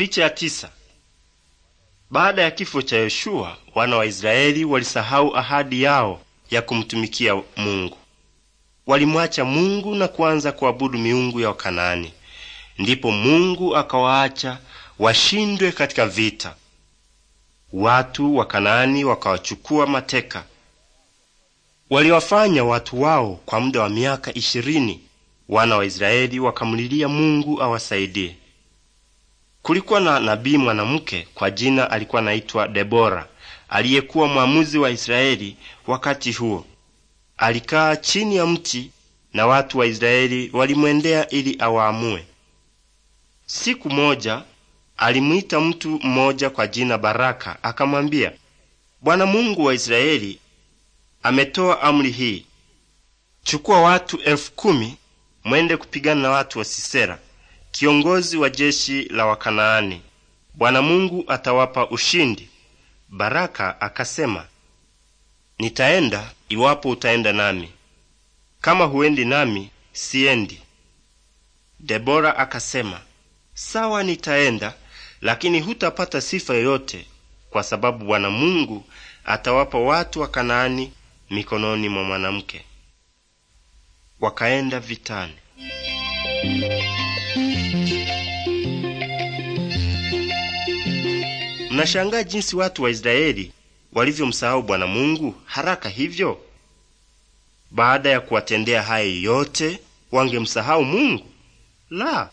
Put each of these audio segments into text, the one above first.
Picha ya tisa. Baada ya kifo cha Yoshua, wana wa Israeli walisahau ahadi yao ya kumtumikia Mungu. Walimwacha Mungu na kuanza kuabudu miungu ya Wakanaani. Ndipo Mungu akawaacha washindwe katika vita. Watu wa Kanaani wakawachukua mateka. Waliwafanya watu wao kwa muda wa miaka ishirini. Wana wa Israeli wakamlilia Mungu awasaidie. Kulikuwa na nabii mwanamke kwa jina alikuwa anaitwa Debora, aliyekuwa mwamuzi wa Israeli wakati huo. Alikaa chini ya mti na watu wa Israeli walimwendea ili awaamue. Siku moja alimwita mtu mmoja kwa jina Baraka, akamwambia, Bwana Mungu wa Israeli ametoa amri hii, chukua watu elfu kumi mwende kupigana na watu wa Sisera kiongozi wa jeshi la Wakanaani, Bwana Mungu atawapa ushindi. Baraka akasema, nitaenda iwapo utaenda nami, kama huendi nami siendi. Debora akasema, sawa, nitaenda, lakini hutapata sifa yoyote, kwa sababu Bwana Mungu atawapa watu wa Kanaani mikononi mwa mwanamke. Wakaenda vitani. Mnashangaa jinsi watu wa Israeli walivyomsahau Bwana Mungu haraka hivyo. Baada ya kuwatendea haya yote, wangemsahau Mungu? La,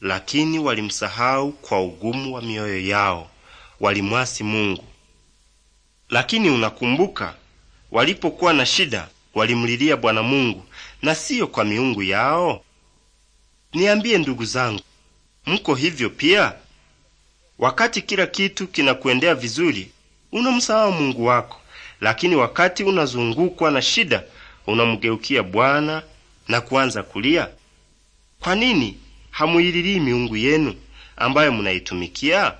lakini walimsahau kwa ugumu wa mioyo yao, walimwasi Mungu. Lakini unakumbuka walipokuwa na shida walimlilia Bwana Mungu na siyo kwa miungu yao. Niambie ndugu zangu, mko hivyo pia? Wakati kila kitu kinakuendea vizuri, unamsahau Mungu wako, lakini wakati unazungukwa na shida, unamgeukia Bwana na kuanza kulia. Kwa nini hamuililii miungu yenu ambayo munaitumikia?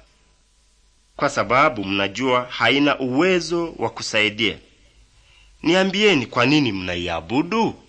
Kwa sababu mnajua haina uwezo wa kusaidia. Niambieni, kwa nini mnaiabudu?